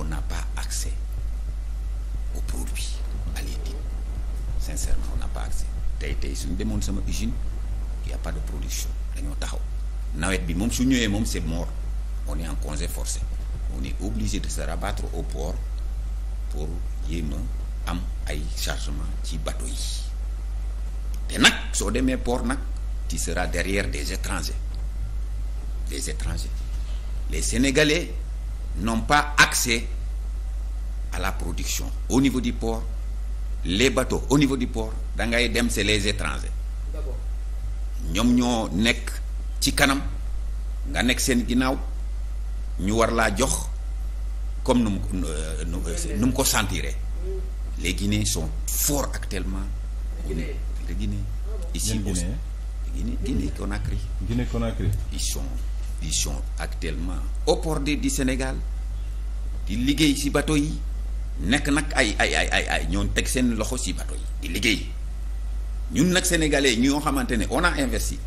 on n'a pas accès aux produits halieutiques sincèrement on n'a pas accès tey tey suñu demoon sama usine il y pas de production dañoo taxaw nawet bi moom su ñëwee moom c'est mort on est en congé forcé on est obligé de se rabattre au port pour yéem am ay chargement ci bateau yi te nag soo demee port nag tu seras derrière des étrangers des étrangers les Sénégalais n'ont pas accès à la production au niveau du port les bateaux au niveau du port da ngay dem c'est les étrangers ñoom ñoo nekk ci kanam nga nekk seen ginnaaw ñu war laa jox comme nu mu euh, euh, nu mu ko sentiree les Guinéens sont forts actuellement les Guinéens ah ici Guinée Guinée Conakry Guinée Conakry ils sont ils sont actuellement au port du Sénégal di liggéey ci bateau yi nekk nag ay ay ay ay ay ñoon teg seen loxo ci bateau yi di liggéey ñun nag sénégalais ñoo xamante ne on a investi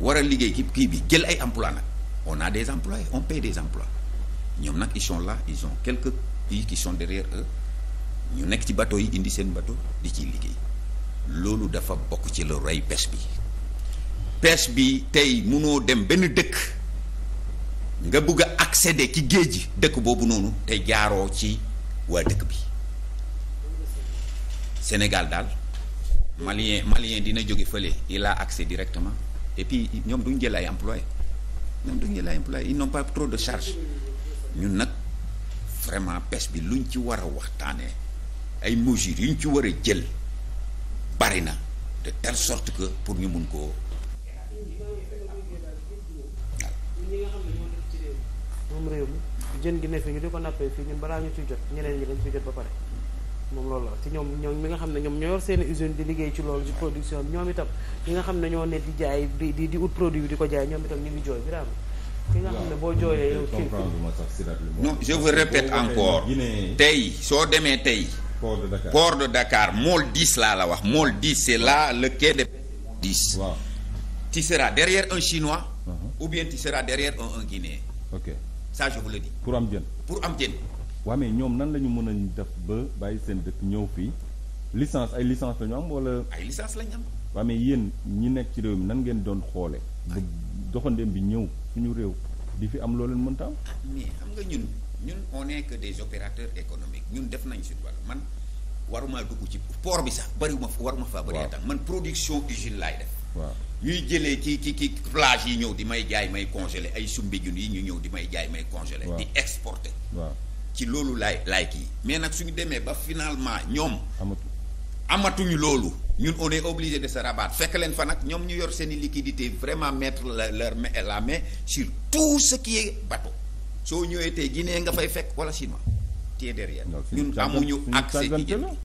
war a liggéey ki kii bi jël ay emploi nag on a des emplois on paie des emplois ñoom nag ils sont là ils ont quelques pays qui sont derrière ñu nekk ci bateau yi indi seen bateau di ci liggéey loolu dafa bokk ci la rey pêche bi pêche bi tey munoo dem benn dëkk nga bugg a accéder ci géej gi dëkk boobu noonu te jaaroo ci waa dëkk bi Sénégal daal malien malien dina jóge fële il a accès directement et puis ñoom duñ jël ay employé ñoom duñ jël ay employé ils n'ont pas trop de charge ñun nag vraiment pêche bi luñ ci war a waxtaanee ay mesures yuñ ci war a jël bari na de telle sorte que pour ñu mun koo jën gi ne fii ñu di ko nappee fii ñun balaa ñu ciy jot ñeneen ñi dañ ciy jot ba pare moom loolu la te ñoom ñoom mi nga xam ne ñoom ñoo yor seen usine di liggéey ci loolu ci production bi ñoom itam ñi nga xam ne ñoo ne di jaay di di ut produit bi di ko jaay ñoom itam ñu ngi jooy bi daal ki nga xam ne boo jooyee yow non je vous répète encore tey soo demee tey port de Dakar port de Dakar mool 10 laa la wax mool 10 c'est là le quai de 10 tu seras derrière un chinois uh-huh. ou bien tu seras un un guinéen ça je vous le pour am jën pour am jën. waaw mais ñoom nan la ñu mën a def ba bàyyi seen dëkk ñëw fii licence ay licence la ñu am wala. ay licence la ñu am. waaw mais ñi nekk ci réew mi nan ngeen doon xoole ba bi ñëw suñu réew di fi am loo leen mënta ah, xam nga ñun ñun on est des opérateurs économiques ñun def nañ suñu wàll man waruma dugg ci port bi sax bariwuma waruma faa. waaw bëri man production usine laay def. waaw yuy jëlee ci ci ki plage yi ñëw di may jaay may congelé ay sumbijun yi ñu ñëw di may jaay may congelé di exporté waaw ci loolu laay laay kii mais nag suñu demee ba finalement ñoom amatuñu loolu ñun on est obligé de se rabattre fekk leen fa nag ñoom ñu yor seen i liquidité vraiment mettre la leur la main sur tout ce qui est bateau soo ñëwee tey Guinée nga fay fekk wala Chinois. tey derrière ñun amuñu accès ci